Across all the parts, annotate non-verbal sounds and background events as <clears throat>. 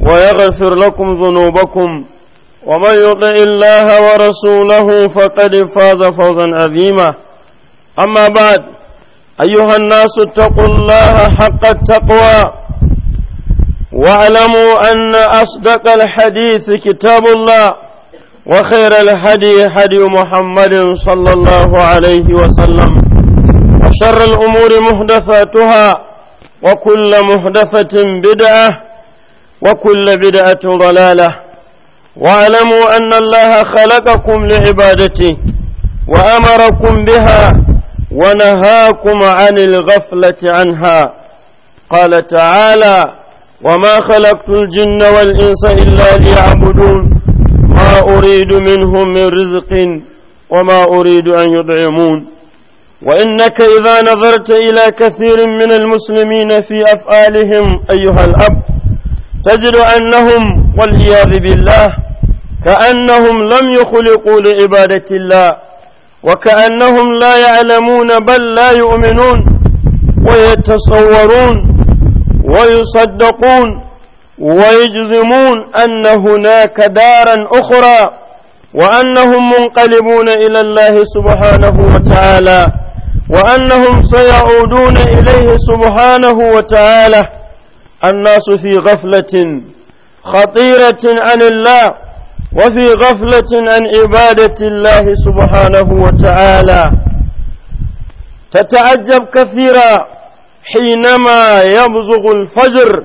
ويغفر لكم ذنوبكم ومن يطع الله ورسوله فقد فاز فوزا عظيما أما بعد أيها الناس اتقوا الله حق التقوى واعلموا أن أصدق الحديث كتاب الله وخير الهدي هدي محمد صلى الله عليه وسلم وشر الأمور محدثاتها وكل محدثة بدعة وكل بدعة ضلالة واعلموا أن الله خلقكم لعبادته وأمركم بها ونهاكم عن الغفلة عنها قال تعالى وما خلقت الجن والإنس إلا ليعبدون ما أريد منهم من رزق وما أريد أن يطعمون وإنك إذا نظرت إلى كثير من المسلمين في أفعالهم أيها الأب تجد أنهم والعياذ بالله كأنهم لم يخلقوا لعبادة الله وكأنهم لا يعلمون بل لا يؤمنون ويتصورون ويصدقون ويجزمون أن هناك دارا أخرى وأنهم منقلبون إلى الله سبحانه وتعالى وأنهم سيعودون إليه سبحانه وتعالى الناس في غفلة خطيرة عن الله وفي غفلة عن عبادة الله سبحانه وتعالى تتعجب كثيرا حينما يبزغ الفجر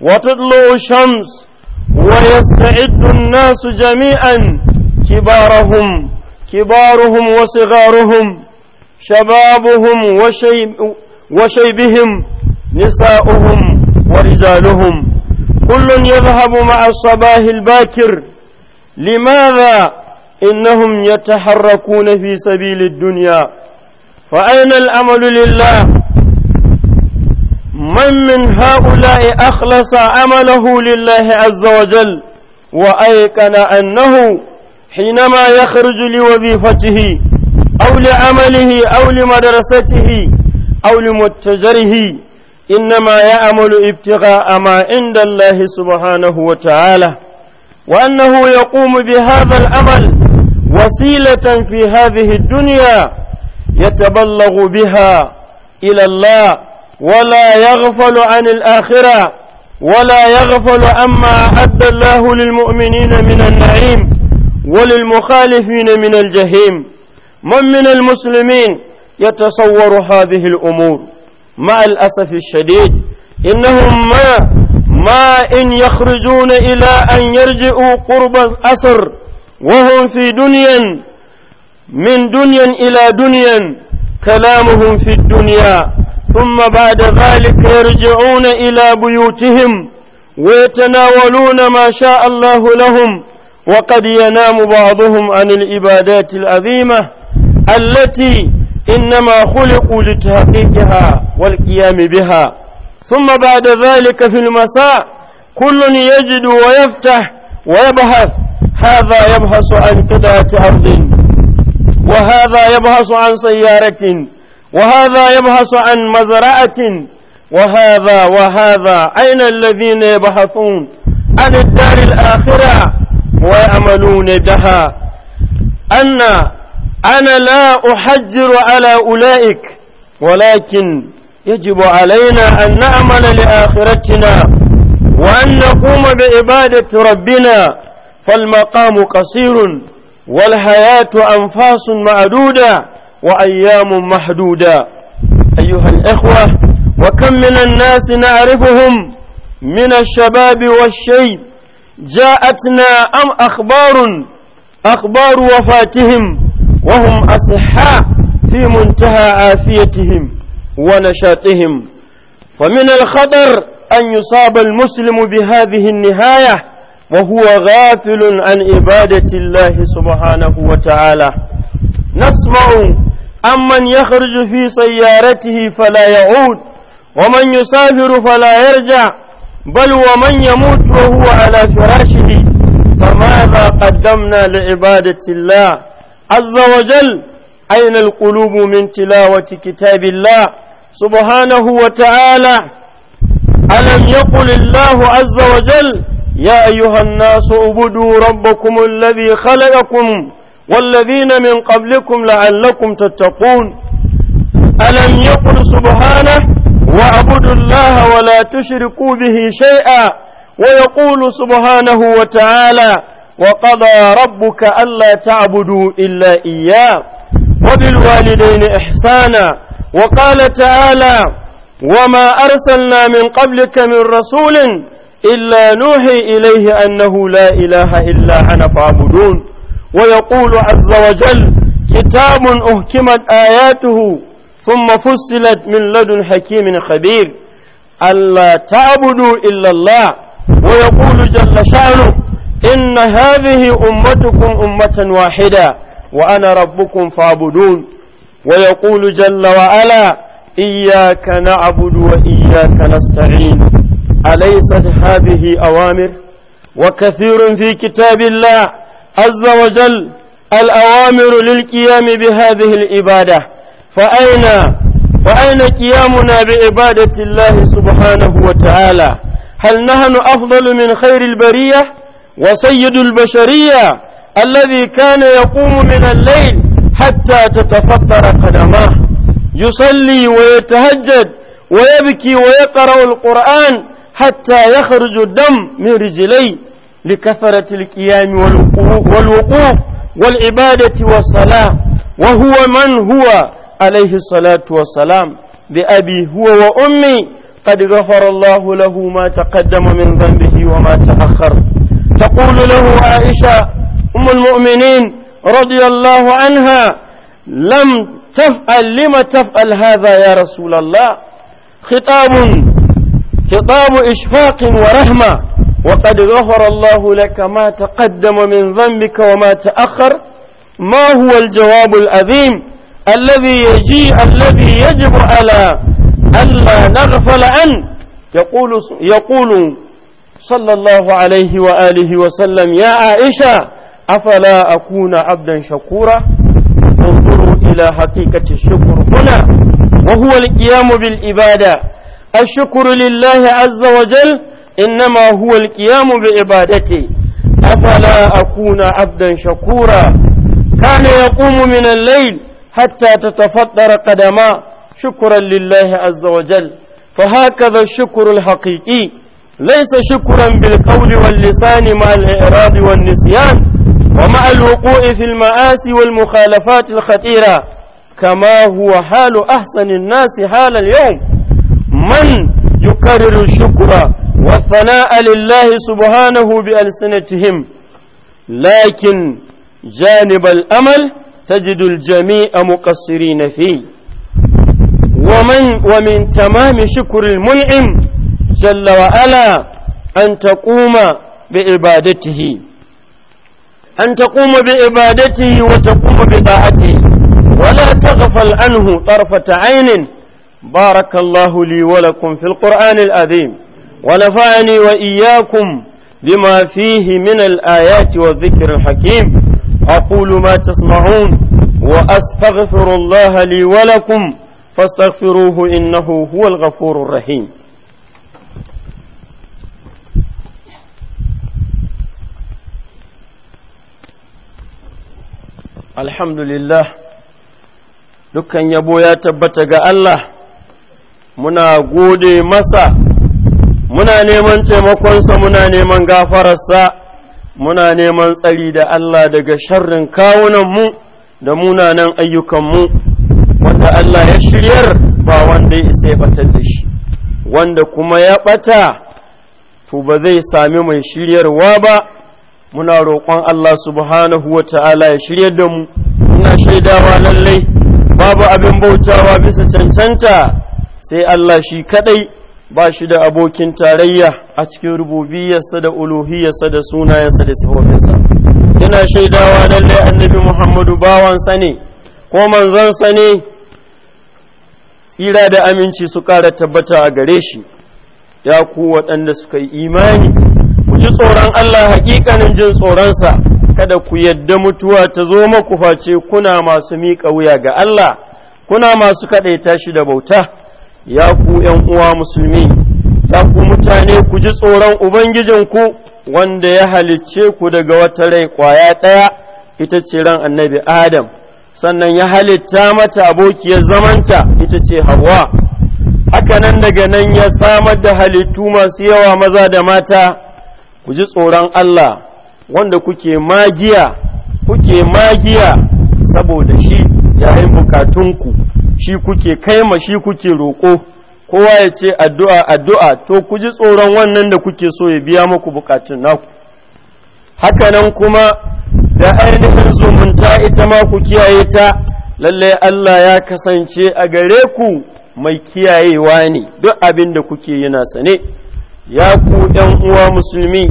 وتطلع الشمس ويستعد الناس جميعا كبارهم كبارهم وصغارهم شبابهم وشيبهم نساؤهم ورجالهم كل يذهب مع الصباح الباكر لماذا إنهم يتحركون في سبيل الدنيا فأين الأمل لله من من هؤلاء أخلص عمله لله عز وجل وأيقن أنه حينما يخرج لوظيفته أو لعمله أو لمدرسته أو لمتجره إنما يأمل ابتغاء ما عند الله سبحانه وتعالى وأنه يقوم بهذا الأمل وسيلة في هذه الدنيا يتبلغ بها إلى الله ولا يغفل عن الآخرة ولا يغفل عما أعد الله للمؤمنين من النعيم وللمخالفين من الجحيم من من المسلمين يتصور هذه الأمور مع الأسف الشديد إنهم ما ما إن يخرجون إلى أن يرجعوا قرب أسر وهم في دنيا من دنيا إلى دنيا كلامهم في الدنيا ثم بعد ذلك يرجعون إلى بيوتهم ويتناولون ما شاء الله لهم وقد ينام بعضهم عن العبادات العظيمة التي إنما خلقوا لتحقيقها والقيام بها ثم بعد ذلك في المساء كل يجد ويفتح ويبحث هذا يبحث عن قطعة أرض وهذا يبحث عن سيارة وهذا يبحث عن مزرعة وهذا وهذا أين الذين يبحثون عن الدار الآخرة ويأملون بها أن أنا لا أحجر على أولئك ولكن يجب علينا أن نعمل لآخرتنا وأن نقوم بعبادة ربنا فالمقام قصير والحياة أنفاس معدودة وأيام محدودة أيها الإخوة وكم من الناس نعرفهم من الشباب والشيب جاءتنا أم أخبار أخبار وفاتهم وهم أصحاء في منتهى آفيتهم ونشاطهم فمن الخطر أن يصاب المسلم بهذه النهاية وهو غافل عن عبادة الله سبحانه وتعالى نسمع أمن يخرج في سيارته فلا يعود ومن يسافر فلا يرجع بل ومن يموت وهو على فراشه فماذا قدمنا لعبادة الله عز وجل أين القلوب من تلاوة كتاب الله سبحانه وتعالى ألم يقل الله عز وجل يا أيها الناس اعبدوا ربكم الذي خلقكم والذين من قبلكم لعلكم تتقون ألم يقل سبحانه واعبدوا الله ولا تشركوا به شيئا ويقول سبحانه وتعالى وقضى ربك ألا تعبدوا إلا إياه وبالوالدين إحسانا وقال تعالى وما أرسلنا من قبلك من رسول إلا نوحي إليه أنه لا إله إلا أنا فاعبدون ويقول عز وجل كتاب أهكمت آياته ثم فصلت من لدن حكيم خبير ألا تعبدوا إلا الله ويقول جل شأنه إن هذه أمتكم أمة واحدة وأنا ربكم فاعبدون ويقول جل وعلا إياك نعبد وإياك نستعين أليست هذه أوامر وكثير في كتاب الله عز وجل الأوامر للقيام بهذه الإبادة فأين وأين قيامنا بعبادة الله سبحانه وتعالى هل نحن أفضل من خير البرية؟ وسيد البشرية الذي كان يقوم من الليل حتى تتفطر قدماه يصلي ويتهجد ويبكي ويقرأ القرآن حتى يخرج الدم من رجليه لكثرة القيام والوقوف والعبادة والصلاة وهو من هو عليه الصلاة والسلام بأبي هو وأمي قد غفر الله له ما تقدم من ذنبه وما تأخر تقول له عائشة أم المؤمنين رضي الله عنها لم تفعل لما تفعل هذا يا رسول الله خطاب خطاب إشفاق ورحمة وقد غفر الله لك ما تقدم من ذنبك وما تأخر ما هو الجواب العظيم الذي يجي الذي يجب على ألا نغفل عنه يقول يقول صلى الله عليه وآله وسلم يا عائشة أفلا أكون عبدا شكورا انظروا إلى حقيقة الشكر هنا وهو القيام بالإبادة الشكر لله عز وجل إنما هو القيام بعبادته أفلا أكون عبدا شكورا كان يقوم من الليل حتى تتفطر قدماه شكرا لله عز وجل فهكذا الشكر الحقيقي ليس شكرا بالقول واللسان مع الإعراض والنسيان ومع الوقوع في المآسي والمخالفات الخطيرة كما هو حال أحسن الناس حال اليوم من يكرر الشكر والثناء لله سبحانه بألسنتهم لكن جانب الأمل تجد الجميع مقصرين فيه ومن ومن تمام شكر المنعم jalla ala an taquma bi ibadatihi an taƙuma bi ibadatihi wa taquma bi ta'atihi wa la taghfal anhu tarfata aynin barakallahu li wa fil qur'anil azim wa wa iyyakum بما فيه من الآيات والذكر الحكيم أقول ما تسمعون وأستغفر الله لي ولكم فاستغفروه إنه هو الغفور الرحيم alhamdulillah dukkan yabo ya tabbata ga Allah muna gode masa muna neman taimakonsa muna neman gafararsa muna neman tsari da Allah daga sharrin kawunanmu da munanan ayyukanmu wanda Allah ya shiryar ba wanda ya isa ya batar da shi wanda kuma ya bata to ba zai sami mai shiryarwa ba muna roƙon Allah subhanahu wa ta'ala ya shirya da mu muna shaidawa lallai babu abin bautawa bisa cancanta sai Allah shi kaɗai ba shi da abokin tarayya a cikin rububiyarsa da uluhiyarsa da sunayensa da sifofinsa yana shaidawa lallai annabi Muhammadu bawansa ne ko manzonsa ne tsira da aminci su ƙara tabbata a gare shi ya ku waɗanda suka yi imani ku ji tsoron Allah hakikanin jin tsoronsa kada ku yadda mutuwa ta zo maku face kuna masu miƙa wuya ga Allah kuna masu kaɗaita shi da bauta ya ku ’yan uwa musulmi ya ku mutane ku ji tsoron Ubangijinku wanda ya halicce ku daga wata rai ƙwaya ɗaya ita ce ran annabi Adam sannan ya halitta mata abokiyar zamanta ita ce haka nan daga nan ya samar da halittu masu yawa maza da mata ku ji tsoron Allah wanda kuke magiya kuke magiya saboda shi yayin bukatunku shi kuke kaima shi kuke roƙo kowa ya ce addu'a addu'a to ku ji tsoron wannan da kuke so ya biya muku bukatun naku hakanan kuma da ainihin zumunta ita ma ku kiyaye ta lallai Allah ya kasance a gare ku mai kiyayewa ne duk abin da kuke yi na sane. ya ku ɗan uwa musulmi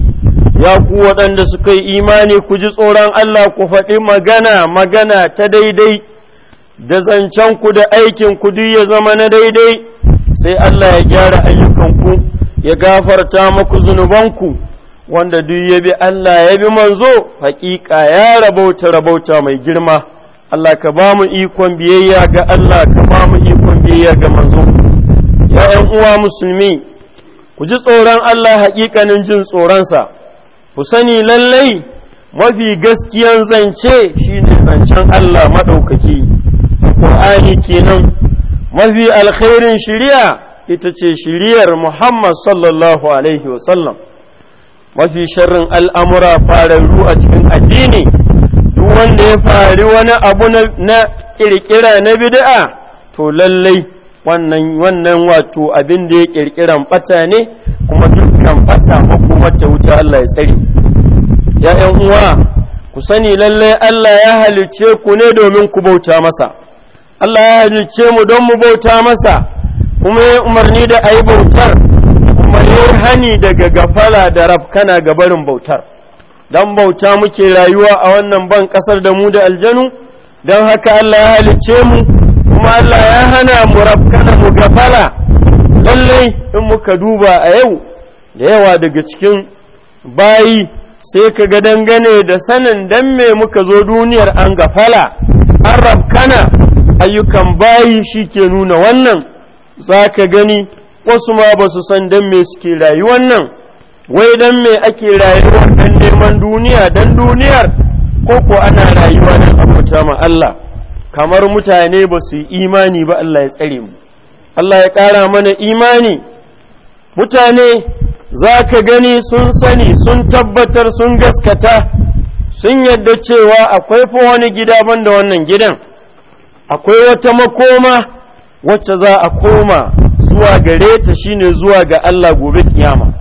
ya ku waɗanda suka yi imani ku ji tsoron Allah ku faɗi magana magana ta daidai da zancen ku da aikin ku duk ya zama na daidai sai Allah ya gyara ayyukanku ya gafarta muku zunubanku wanda duk ya bi Allah ya bi manzo haƙiƙa ya rabauta rabauta mai girma Allah ka ba mu ikon biyayya ga Allah ka ba mu ikon biyayya ga manzo ya uwa musulmi ku ji tsoron Allah haƙiƙanin jin tsoronsa ku sani lallai mafi gaskiyan zance shine zancen Allah maɗaukaki ƙur'ani kenan mafi alkhairin shiriya ita ce shiriyar Muhammad sallallahu alaihi wasallam mafi sharrin al'amura fararru a cikin addini duk wanda ya fari wani abu na ƙirƙira na bid'a to lallai wannan wato abin da ya kirkiran bata ne kuma dukkan bata ta wuta Allah ya tsare ya yan uwa ku sani lallai Allah ya halicce ku ne domin ku bauta masa Allah ya halicce mu don mu bauta masa kuma ya umarni da ayi bautar kuma ya hani daga gafala da rafkana ga barin bautar don bauta muke rayuwa a wannan ban ƙasar da mu da aljanu don haka Allah ya halicce mu kuma Allah ya hana mu rafkana mu gafara lallai in muka duba a yau da yawa daga cikin bayi sai ka ga dangane da sanin dan me muka zo duniyar an gafala an rafkana ayyukan bayi shi ke nuna wannan za ka gani wasu ma ba su san dan me suke rayuwar nan wai dan me ake rayuwar dan neman duniya dan duniyar ko ko ana rayuwa dan abota ma Allah kamar mutane ba su yi imani ba Allah ya tsare mu Allah ya ƙara mana imani mutane za ka gani sun sani sun tabbatar sun gaskata sun yadda cewa akwai fa wani gida banda wannan gidan akwai wata makoma wacce za a koma zuwa gare ta shine zuwa ga Allah gobe kiyama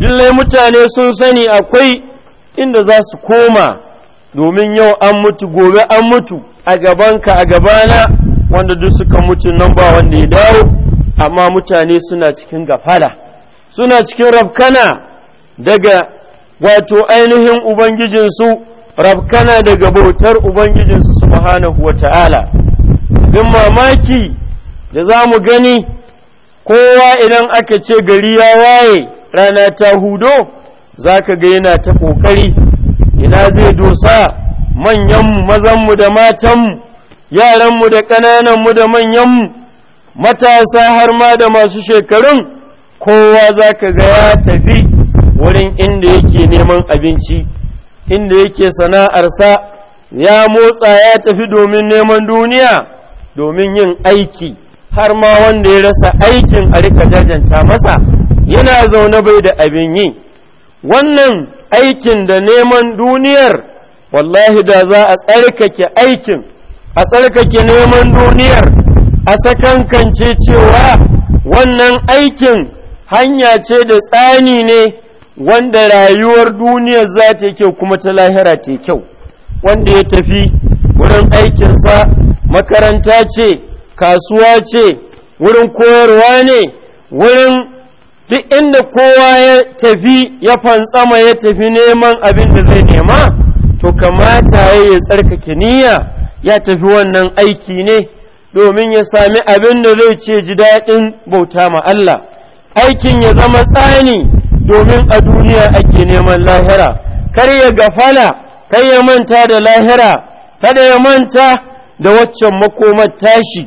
lallai mutane sun sani akwai inda za su koma domin yau an mutu gobe an mutu a gabanka a gabana wanda duk suka mutu nan ba wanda ya dawo amma mutane suna cikin gafala suna cikin rafkana daga wato ainihin ubangijinsu rafkana daga bautar ubangijinsu subhanahu wa ta'ala bin mamaki da za mu gani kowa idan aka ce gari ya waye rana ta hudo za ka ga yana ta ƙoƙari ina zai dosa manyanmu mazanmu da matanmu yaranmu da ƙanananmu da manyanmu matasa har ma da masu shekarun kowa za ka ga ya tafi wurin inda yake neman abinci inda yake sana'arsa ya motsa ya tafi domin neman duniya domin yin aiki har ma wanda ya rasa aikin a rika jajanta masa yana zaune bai da abin yi wannan aikin da neman duniyar wallahi da za a tsarkake aikin a tsarkake neman duniyar a sakankance cewa wannan aikin hanya ce da tsani ne wanda rayuwar duniyar za ta kyau kuma ta lahira ta kyau wanda ya tafi wurin aikinsa makaranta ce kasuwa ce wurin koyarwa ne wurin duk inda kowa ya tafi ya fantsama ya tafi neman abin da zai nema kamata ya yi tsarkake niyya ya tafi wannan aiki ne domin ya sami abin da zai ce ji daɗin bauta ma Allah aikin ya zama tsani domin a duniya ake neman lahira kar ya gafala kar ya manta da lahira kada ya manta da waccan makomar tashi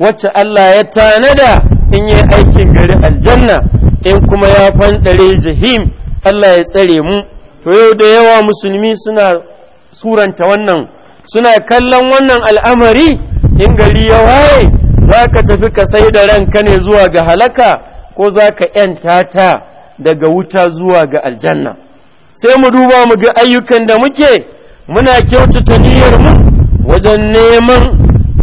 wacce Allah ya tanada in yi aikin gari aljanna in kuma ya fanɗare jahim Allah ya tsare mu to yau da yawa musulmi suna suranta wannan suna kallon wannan al'amari in gari ya waye za ka tafi ka sai da ranka ne zuwa ga halaka ko za ka ‘yanta ta daga wuta zuwa ga aljanna sai mu duba mu ga ayyukan da muke muna kyautata niyyar mu wajen neman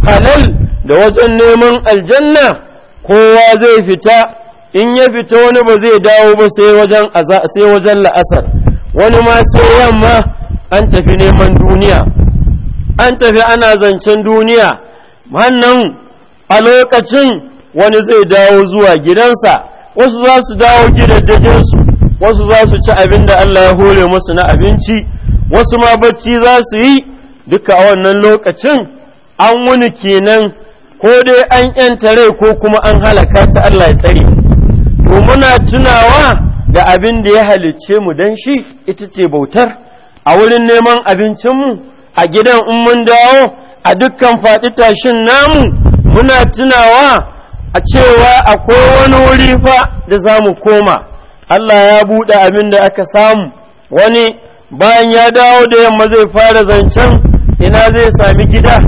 halal da wajen neman aljanna kowa zai fita in ya fita wani ba zai dawo ba sai wajen la'asar wani ma sai yamma an tafi neman duniya an tafi ana zancen duniya hannan a lokacin wani zai dawo zuwa gidansa wasu za su dawo gidaddajensu, wasu za su ci abin da Allah ya hore musu na abinci wasu ma bacci za su yi duka a wannan lokacin an wuni kenan ko dai an yanta rai ko kuma an halaka ta Allah ya tsare to muna tunawa da abin da ya halicce mu dan shi ita ce bautar a wurin neman abincinmu a gidan in mun dawo a dukkan faɗi tashin namu muna tunawa a cewa akwai wani wuri fa da za mu koma Allah ya buɗe abin da aka samu wani bayan ya dawo da yamma zai fara zancen ina zai sami gida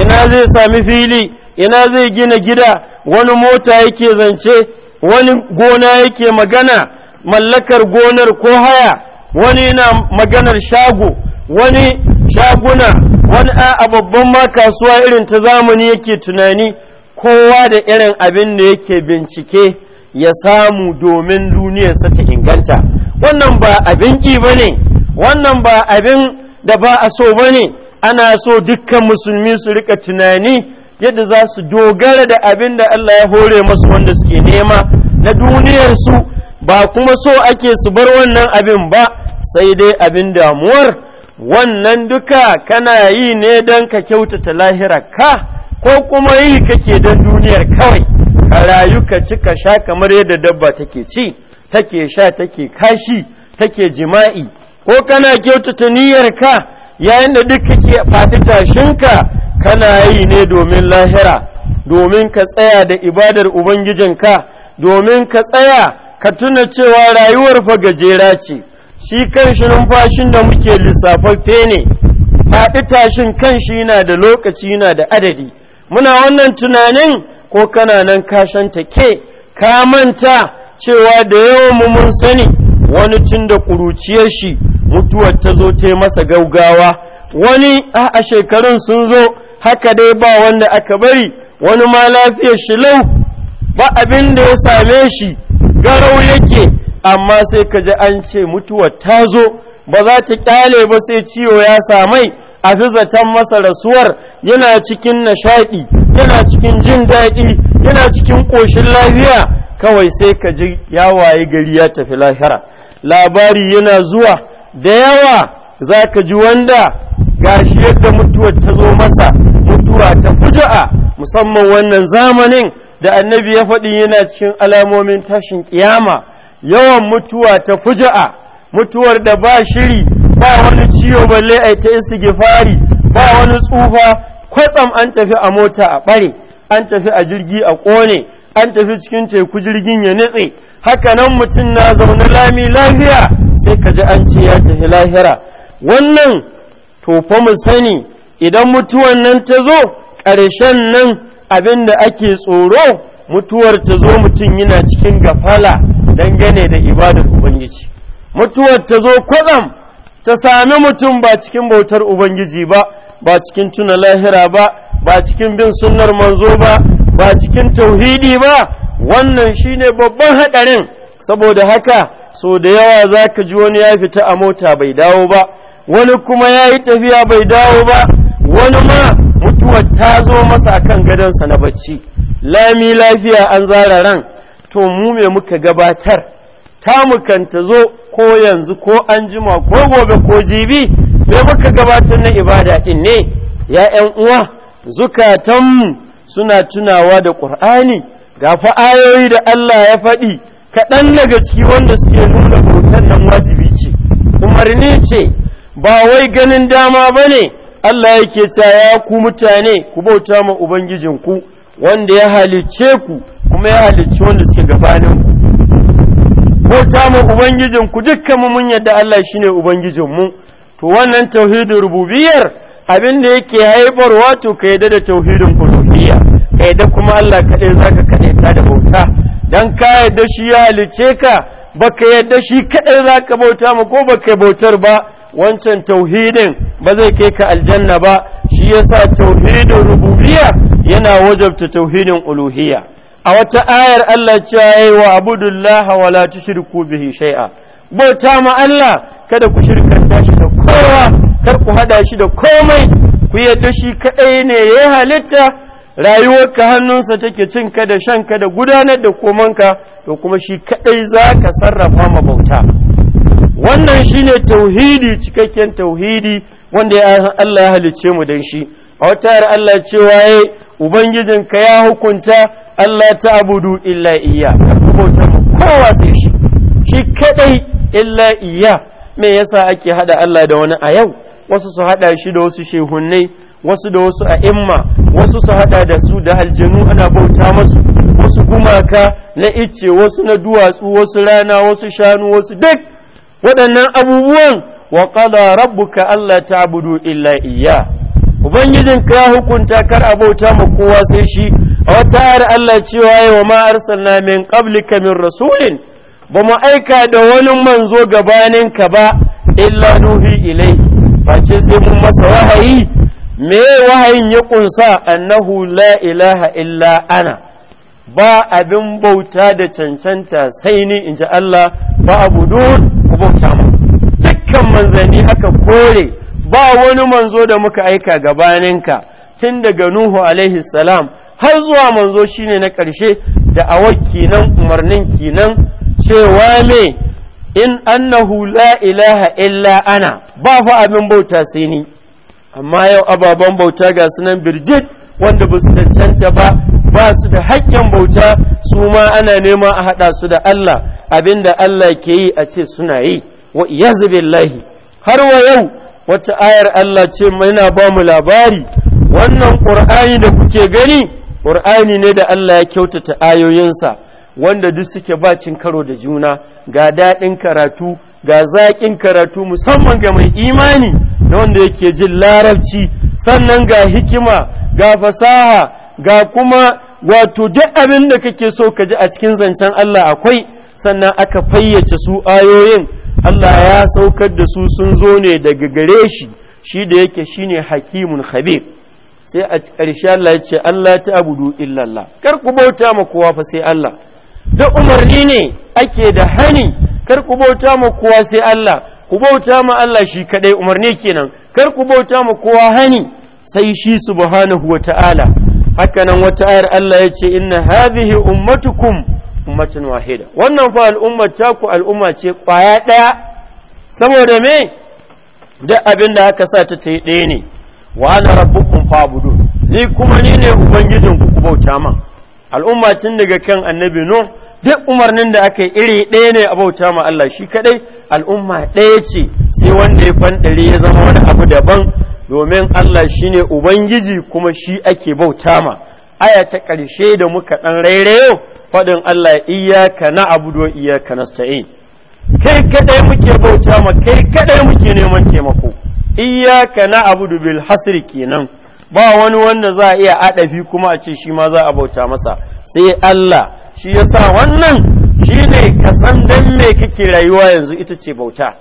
ina zai sami fili ina zai gina gida wani mota yake zance wani gona yake magana mallakar gonar ko haya wani na maganar shago wani shaguna wani a babban ma kasuwa irin ta zamani yake tunani kowa da irin abin da yake bincike ya samu domin duniyarsa ta inganta wannan ba abin ƙi ba ne wannan ba abin da ba a so ba ne ana so dukkan musulmi su rika tunani yadda za su dogara da abin da Allah ya hore masu wanda suke nema na duniyar su. ba kuma so ake su bar wannan abin ba sai dai abin damuwar wannan duka kana yi ne don ka kyautata ka? ko kuma yi kake don duniyar kawai ka rayu ka ci ka sha kamar yadda dabba take ci take sha take kashi take jima'i ko kana kyautata ka yayin da duk kake faɗi tashinka kana yi ne domin lahira domin ka tsaya da ibadar ubangijinka domin ka tsaya ka tuna cewa rayuwar fa gajera ce shi kanshi numfashin da muke lissafaffe ne faɗi tashin kanshi yana da lokaci yana da adadi muna wannan tunanin ko kana nan kashan take ka manta cewa da yawan mun sani wani tun da ƙuruciyar shi mutuwar ta zo ta masa gaugawa wani a shekarun sun zo haka dai ba wanda aka bari wani ma lafiyar shi lau ba abin da ya same shi garau yake amma sai ka ji an ce mutuwar ta zo ba za ta kyale ba sai ciwo ya samai a fi zaton masa rasuwar yana cikin nishaɗi yana cikin jin daɗi yana cikin ƙoshin lafiya kawai sai ka ji ya waye gari ya tafi lahira labari yana zuwa da yawa za ka ji wanda gashi yadda mutuwar ta zo masa mutuwa ta a musamman wannan zamanin da annabi ya faɗi yana cikin alamomin tashin ƙiyama yawan mutuwa ta fuja'a mutuwar da ba shiri ba wani ciwo balle a ta isi gifari ba wani tsufa kwatsam an tafi a mota a ɓare an tafi a jirgi a ƙone an tafi cikin teku jirgin ya nitse haka nan mutum na zaune lami lafiya sai ka ji an ce ya tafi lahira wannan to fa mu sani idan mutuwan nan ta zo ƙarshen nan abin da ake tsoro mutuwar ta zo mutum yana cikin gafala dangane da ibadar ubangiji mutuwar ta zo kwatsam ta sami mutum ba cikin bautar ubangiji ba ba cikin tuna lahira ba ba cikin bin sunnar manzo ba ba cikin tauhidi ba wannan shi ne babban haɗarin saboda haka so da yawa za ka ji wani ya fita a mota bai dawo ba wani kuma ya yi tafiya bai dawo ba wani ma mutuwar ta zo masa kan gadonsa na bacci lami lafiya an zara ran to mu me muka gabatar ta mukanta zo ko yanzu ko an jima ko gobe ko jibi me muka gabatar na ibada in ne ya yan uwa zukatanmu suna tunawa da ƙur'ani ga fa da Allah ya faɗi kaɗan daga ciki wanda suke nuna bautar nan wajibi ce umarni ce ba wai ganin dama ba ne Allah yake cewa ku mutane ku bauta ma ubangijinku wanda ya halicce ku kuma ya halicci wanda suke gabanin ku bauta ma ubangijinku dukkan mun yadda Allah shine ubangijinmu to wannan tauhidin rububiyar abin da yake haifarwa to ka yadda da tauhidin rububiyya ka yadda kuma Allah kaɗai zaka kaɗai ta da bauta dan ka yadda shi ya halice ka baka yadda shi kaɗai za ka bauta ma ko baka bautar ba wancan tauhidin ba zai kai ka aljanna ba shi yasa tauhidin rububiyya yana wajabta tauhidin uluhiya. a wata ayar Allah cewa yayi wa abudullaha wa la tushriku bihi shay'a bauta ma Allah kada ku shirkanta shi da kowa kar ku hada shi da komai ku yadda shi kaɗai ne ya halitta rayuwarka hannunsa take cinka da shanka da gudanar da komanka to kuma shi kadai za ka sarrafa ma bauta wannan ne tauhidi cikakken tauhidi wanda Allah ya halicce mu dan shi a wata yar Allah cewa ya ka ya hukunta Allah ta abudu illa iya bauta kowa sai shi shi kadai illa iya me yasa ake hada Allah da wani a yau wasu su hada shi da wasu shehunnai wasu da wasu a imma wasu su hada da su da aljanu ana bauta masu wasu gumaka na icce wasu na duwatsu wasu rana wasu shanu wasu duk waɗannan abubuwan wa ka Allah ta budu illa iyya ubangijin ka hukunta kar a bauta ma kowa sai shi a wata ayar Allah cewa ya wa ma arsalna min qablika min rasulin ba mu aika da wani manzo gabaninka ba illa nuhi ilai face sai mun masa wahayi me wahayin ya kunsa annahu la ilaha illa ana ba abin bauta da cancanta sai ni in ji Allah ba abu ku bauta mu dukkan manzanni aka kore ba wani manzo da muka aika gabaninka tun daga Nuhu alaihi salam har zuwa manzo shine na ƙarshe da awaki nan umarnin kinan cewa me in annahu la ilaha illa ana ba fa abin bauta sai ni amma yau ababen bauta ga sunan birjit wanda ba su cancanta ba ba su da haƙƙin bauta su ma ana nema a haɗa su da Allah abinda Allah ke yi a ce suna yi wa iyazu har wa yau wata ayar Allah ce yana ba mu labari wannan ƙur'ani da kuke gani ƙur'ani ne da Allah ya kyautata ayoyinsa wanda duk suke bacin karo da juna ga daɗin karatu ga zaƙin karatu musamman ga mai imani na wanda yake jin larabci sannan ga hikima ga fasaha ga kuma wato duk abin da kake so ka ji a cikin zancen Allah akwai sannan aka fayyace su ayoyin Allah ya saukar da su sun zo ne daga gare shi shi da yake ne hakimun habib sai a ƙarshe Allah ya ce Allah ta abudu illallah kar ku bauta ma kowa fa sai Allah da umarni ne ake da hani kar ku bauta ma kowa sai Allah ku bauta ma Allah shi kadai umarni kenan kar ku bauta ma kowa hani sai shi subhanahu wata'ala haka nan wata ayar Allah ya ce inna hadhihi ummatukum ummatan wahida wannan fa al'ummar taku al'umma ce kwaya daya saboda me duk abin da aka sa ta ta yi ɗaya ne wa ana rabbukum fa'budu ni kuma ni ne ubangijin ku bauta man al'umma tun daga kan annabi nuh duk umarnin da aka yi iri ɗaya ne a bauta ma Allah shi kaɗai, al'umma ɗaya ce sai wanda ya fanɗare ya zama wani abu daban domin Allah shi ne ubangiji kuma shi ake bauta ma aya ta ƙarshe da muka ɗan rairayo faɗin Allah iyaka na abudu iyaka nasta'in kai kaɗai muke bauta ma kai kaɗai muke neman taimako iyaka na abudu bil hasri kenan ba wani wanda za a iya adafi kuma a ce shi ma za a bauta masa sai Allah shi yasa wannan shine ka san don me kake rayuwa yanzu ita ce bauta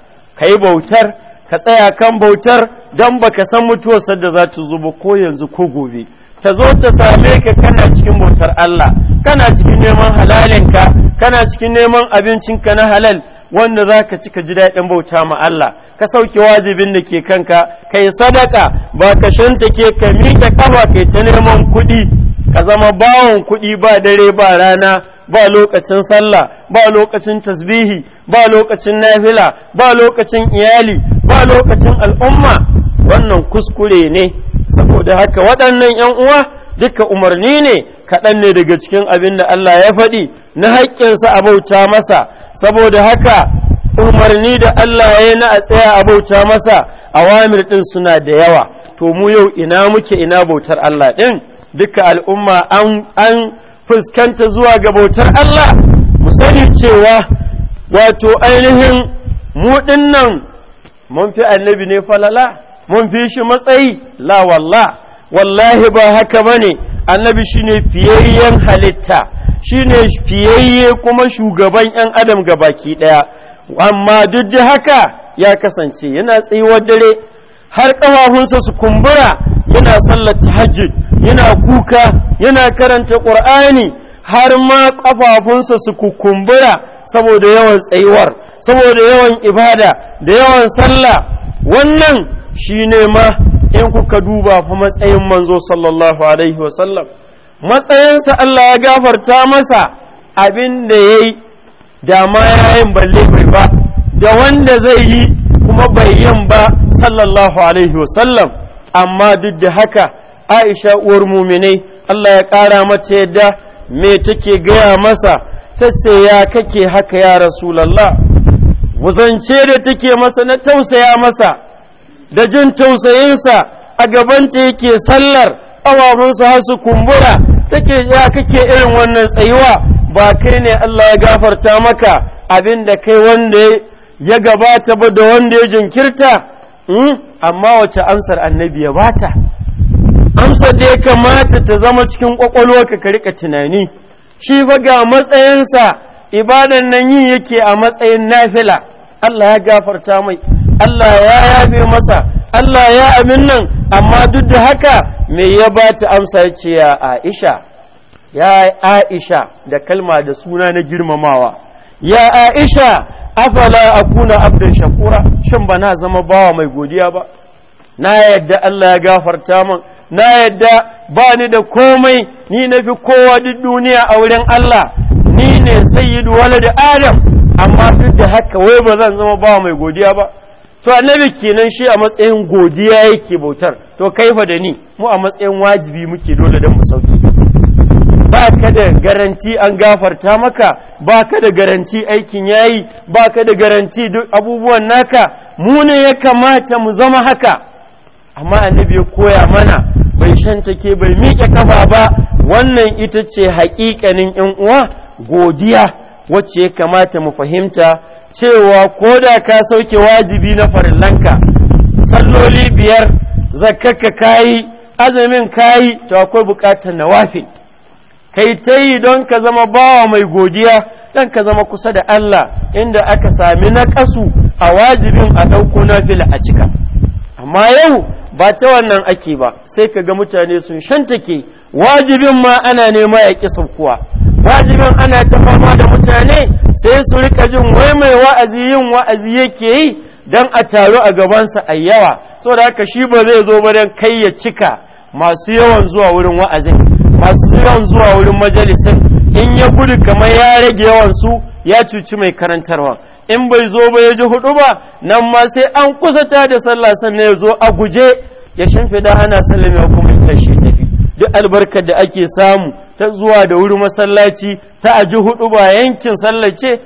yi bautar ka tsaya kan bautar don ba ka san mutuwar da za ta zo ba ko yanzu ko gobe ta zo ta same ka kana cikin bautar Allah kana cikin neman halalinka kana cikin neman abincinka na halal wanda za ka ci ka ji daɗin bauta ma Allah ka sauke wajibin da ke kanka ka yi sadaka ba ka shanta ke ka miƙa kafa kai ta neman kuɗi ka zama bawon kuɗi ba dare ba rana ba lokacin sallah ba lokacin tasbihi ba lokacin nafila ba lokacin iyali ba lokacin al'umma wannan kuskure ne saboda haka waɗannan 'yan uwa duka umarni ne kaɗan ne daga cikin abin da Allah ya faɗi na haƙƙinsa a bauta masa saboda haka umarni da Allah ya yi na a tsaya a bauta masa awamir ɗin suna da yawa to mu yau ina muke ina bautar Allah ɗin duka al'umma an fuskanta zuwa ga bautar Allah mu sani cewa wato ainihin mudin nan mun fi annabi ne falala mun fi shi matsayi Lawalla. wallahi ba haka bane annabi shi ne fiyayyen halitta shi ne fiyayye kuma shugaban 'yan adam ga baki ɗaya amma duk da haka ya kasance yana tsayuwar dare har ƙafafunsa su kumbura yana sallar tahajjud yana kuka yana karanta ƙur'ani har ma ƙafafunsa su kukumbura saboda yawan tsayuwar saboda yawan ibada da yawan sallah wannan shine ma in kuka duba fa matsayin manzo sallallahu alaihi wasallam matsayinsa Allah ya gafarta masa abin da ya yi da ma ya balle bai ba da wanda zai yi kuma bai yin ba sallallahu alaihi wasallam amma duk da haka Aisha uwar muminai Allah ya ƙara mata yadda me take gaya masa ta ce ya kake haka ya Rasulallah wuzance da take masa na tausaya masa da jin tausayinsa a gabanta yake sallar awamunsa har su kumbura take ya kake irin wannan tsayuwa ba kai ne Allah ya gafarta maka abin da kai wanda ya gabata ba da wanda ya jinkirta hmm? amma wace amsar annabi ya bata amsa da ya kamata ta zama cikin ƙwaƙwalwarka ka rika tunani shi ba ga matsayinsa ibadan nan yin yake a matsayin nafila Allah ya gafarta mai Allah ya yabe masa Allah ya amin nan amma duk da haka me ya ba ta amsa ya ce ya Aisha ya Aisha da kalma da suna na girmamawa ya Aisha afala akuna abdan shakura shin ba na zama bawa mai godiya ba na yadda Allah ya gafarta min na yadda ba ni da komai ni na fi kowa duk duniya a wurin Allah ni ne sayyidu da adam amma duk da haka wai ba zan zama ba mai godiya ba to annabi kenan shi a matsayin godiya yake bautar to kai fa da ni mu a matsayin wajibi muke dole don mu sauki ba ka da garanti an gafarta maka ba ka da garanti aikin yayi ba ka da garanti duk abubuwan naka mu ne ya kamata mu zama haka amma annabi ya koya mana bai shantake bai miƙe kafa ba wannan ita ce haƙiƙanin ‘yan uwa godiya wacce ya kamata mu fahimta cewa ko da ka sauke wajibi na farillanka salloli biyar zakaka kayi azumin kayi to akwai buƙatar nawafil kai ta yi don ka zama bawa mai godiya don ka zama kusa da Allah inda aka sami na kasu a wajibin a ɗauko na fila a cika amma yau ba ta wannan ake ba sai ka ga mutane sun shantake wajibin ma ana nema ya ƙi saukuwa wajibin ana ta fama da mutane sai su rika jin wai mai wa'azi yin wa'azi yake yi don a taru a gabansa a yawa da haka shi ba zai zo ba don kai ya cika masu yawan zuwa wurin wa'azin masu yawan zuwa wurin majalisin in ya gudu kamar ya rage yawan su ya cuci mai karantarwa in bai zo ba ya ji hudu ba nan ma sai an kusa ta da sallah sannan ya zo a guje ya Da ana sallama kuma tashi tafi duk albarkar da ake samu ta zuwa da wuri masallaci ta aji hudu ba yankin ce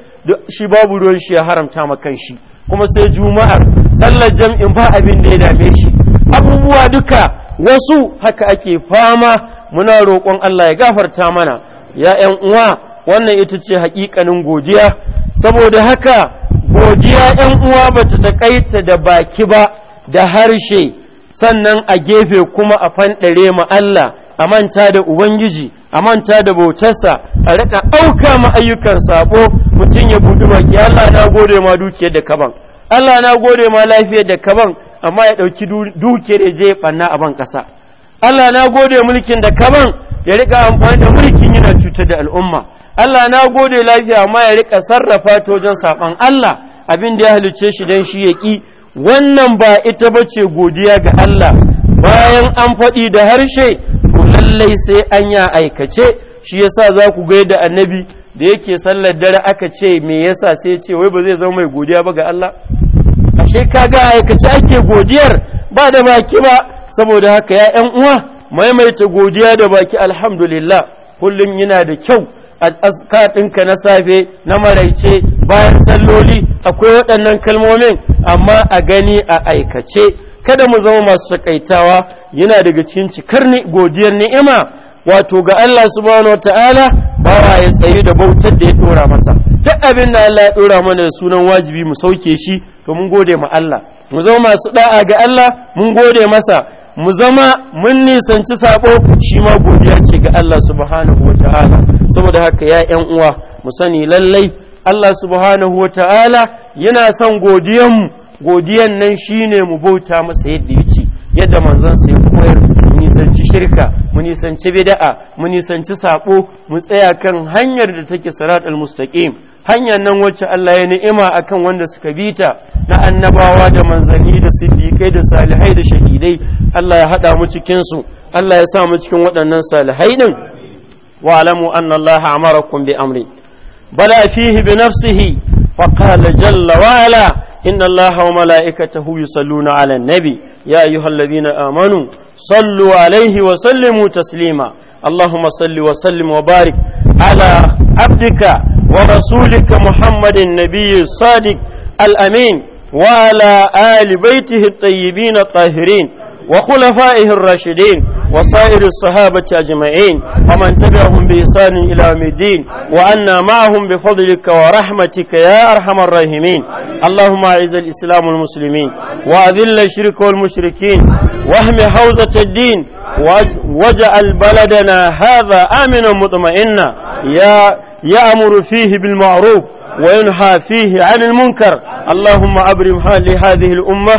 shi babu ruwan shi ya haramta ma shi kuma sai juma'a sallar jam'in ba abin da ya dame shi abubuwa duka wasu haka ake fama muna roƙon Allah ya gafarta mana ya 'yan uwa wannan ita ce haƙiƙanin godiya saboda haka godiya ‘yan uwa ba ta taƙaita da baki ba da harshe sannan a gefe kuma a fanɗare ma Allah a manta da Ubangiji a manta da bautarsa a rika auka ma ayyukan sabo mutum ya budu baki Allah na gode ma dukiyar da kaban Allah na gode ma lafiyar da kaban amma ya ɗauki dukiyar ya je ɓanna a ban ƙasa Allah na gode mulkin da kaban ya rika amfani da mulkin yana cutar da al'umma Allah na gode lafiya amma ya rika sarrafa ta wajen saɓan Allah abin da ya halice shi don shi ya ƙi wannan ba ita ba ce godiya ga Allah bayan an faɗi da harshe ku lallai sai an ya aikace shi yasa za ku ga yadda annabi da yake sallar dare aka ce me yasa sai ce wai ba zai zama mai godiya ba ga Allah ashe kaga aikace ake godiyar ba da baki ba saboda haka ya ƴan uwa maimaita godiya da baki alhamdulillah kullum yana da kyau A ɗinka na safe na maraice bayan salloli akwai waɗannan kalmomin amma a gani a aikace kada mu zama masu sakaitawa, yana daga cikin cikar godiyar ni'ima wato ga Allah subhanahu wataala bawa ya tsayi da bautar da ya dora masa duk abin da Allah ya dora mana da sunan wajibi mu sauke shi to mun gode ma Allah mu zama masu da'a ga Allah mun gode masa mu zama mun nisanci sabo shi ma godiya ce ga Allah subhanahu wa ta'ala saboda haka ya ƴan uwa mu sani lallai Allah subhanahu wa ta'ala yana son godiyan mu godiyan nan shine mu bauta masa yadda yace yadda manzon sai koyar nisanci shirka mu nisanci bid'a mu nisanci sabo mu tsaya kan hanyar da take siratal mustaqim hanyar nan wacce Allah ya ni'ima akan wanda suka bita na annabawa da manzanni da siddiqai da salihai da shahidai Allah ya hada mu cikin su Allah ya sa mu cikin waɗannan salihai din wa alamu anna Allah amarakum bi amri bala fihi bi nafsihi فقال جل وعلا إن الله وملائكته يصلون على النبي يا أيها الذين آمنوا صلوا عليه وسلموا تسليما اللهم صل وسلم وبارك على عبدك ورسولك محمد النبي الصادق الأمين وعلى آل بيته الطيبين الطاهرين وخلفائه الراشدين وسائر الصحابة أجمعين ومن تبعهم بإحسان إلى يوم الدين وأنا معهم بفضلك ورحمتك يا أرحم الراحمين اللهم أعز الإسلام والمسلمين وأذل الشرك والمشركين واهم حوزة الدين واجعل بلدنا هذا آمنا مطمئنا يا يأمر فيه بالمعروف وينهى فيه عن المنكر اللهم أبرم لهذه الأمة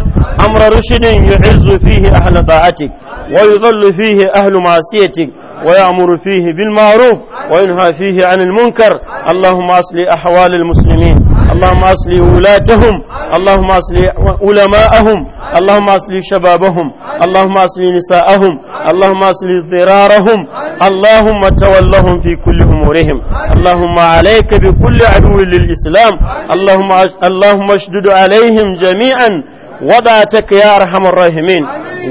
أمر رشد يعز فيه أهل طاعتك ويضل فيه أهل معصيتك ويأمر فيه بالمعروف وينهى فيه عن المنكر اللهم أصلي أحوال المسلمين اللهم أصلي ولاتهم اللهم أصلي علماءهم اللهم أصلي شبابهم اللهم أصلي نساءهم اللهم اصلح ضرارهم اللهم تولهم في كل امورهم اللهم عليك بكل عدو للاسلام اللهم اللهم اشدد عليهم جميعا وضعتك يا ارحم الراحمين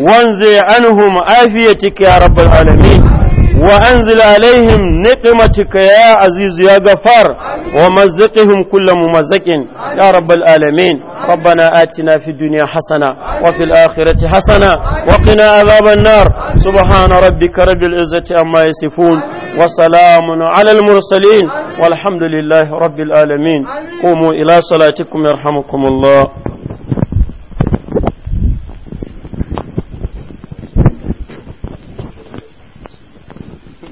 وانزع عنهم عافيتك يا رب العالمين وأنزل عليهم نقمتك يا عزيز يا غفار ومزقهم كل ممزق يا رب العالمين ربنا آتنا في الدنيا حسنة وفي الآخرة حسنة وقنا عذاب النار سبحان ربك رب العزة عما يصفون وسلام على المرسلين والحمد لله رب العالمين قوموا إلى صلاتكم يرحمكم الله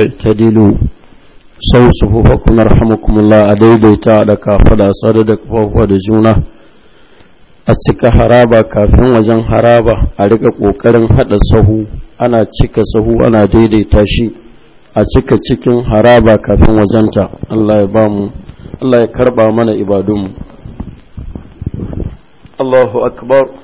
اعتدلوا sau sufufakum a daidaita da kafa da da kafafuwa da juna a cika haraba kafin wajen haraba a rika ƙoƙarin haɗa sahu ana cika sahu ana daidaita shi a cika cikin haraba kafin wajenta Allah ya bamu Allah ya karba mana ibadunmu Allahu akbar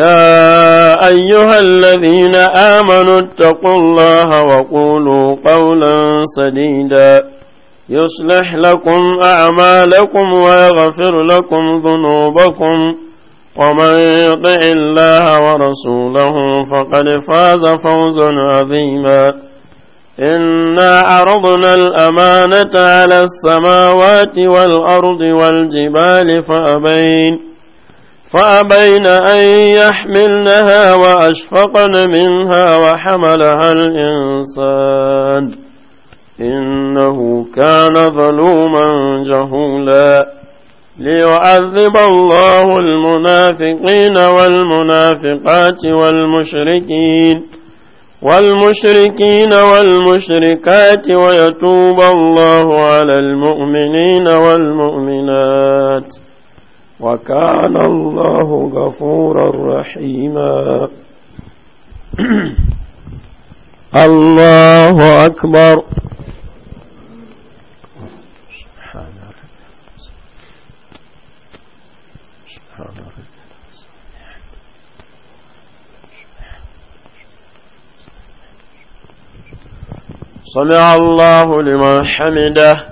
يا أيها الذين آمنوا اتقوا الله وقولوا قولا سديدا يصلح لكم أعمالكم ويغفر لكم ذنوبكم ومن يطع الله ورسوله فقد فاز فوزا عظيما إنا عرضنا الأمانة على السماوات والأرض والجبال فأبين فأبين أن يحملنها وأشفقن منها وحملها الإنسان إنه كان ظلوما جهولا ليعذب الله المنافقين والمنافقات والمشركين والمشركين والمشركات ويتوب الله على المؤمنين والمؤمنات وكان الله غفورا رحيما <clears throat> الله أكبر سمع الله لمن حمده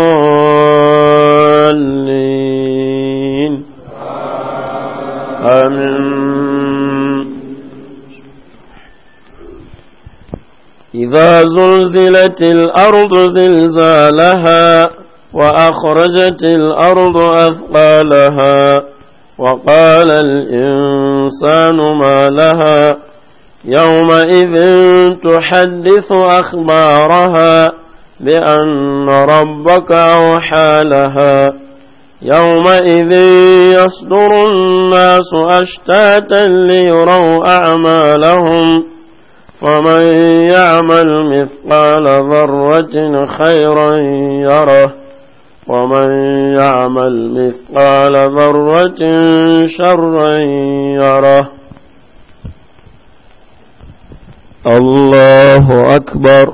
زلزلت الأرض زلزالها وأخرجت الأرض أثقالها وقال الإنسان ما لها يومئذ تحدث أخبارها بأن ربك أوحى لها يومئذ يصدر الناس أشتاتا ليروا أعمالهم ومن يعمل مثقال ذرة خيرا يره ومن يعمل مثقال ذرة شرا يره الله أكبر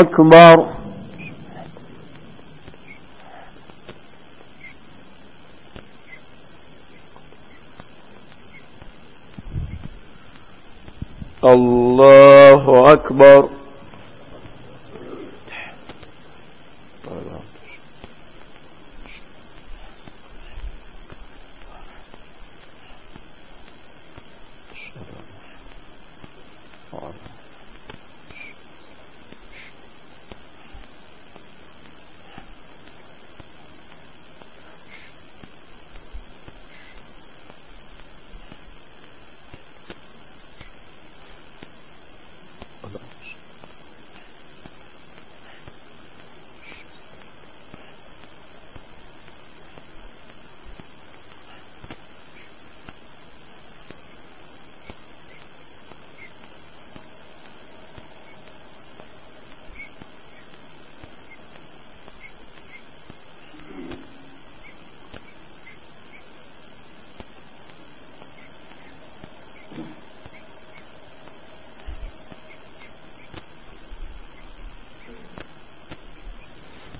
أكبر الله أكبر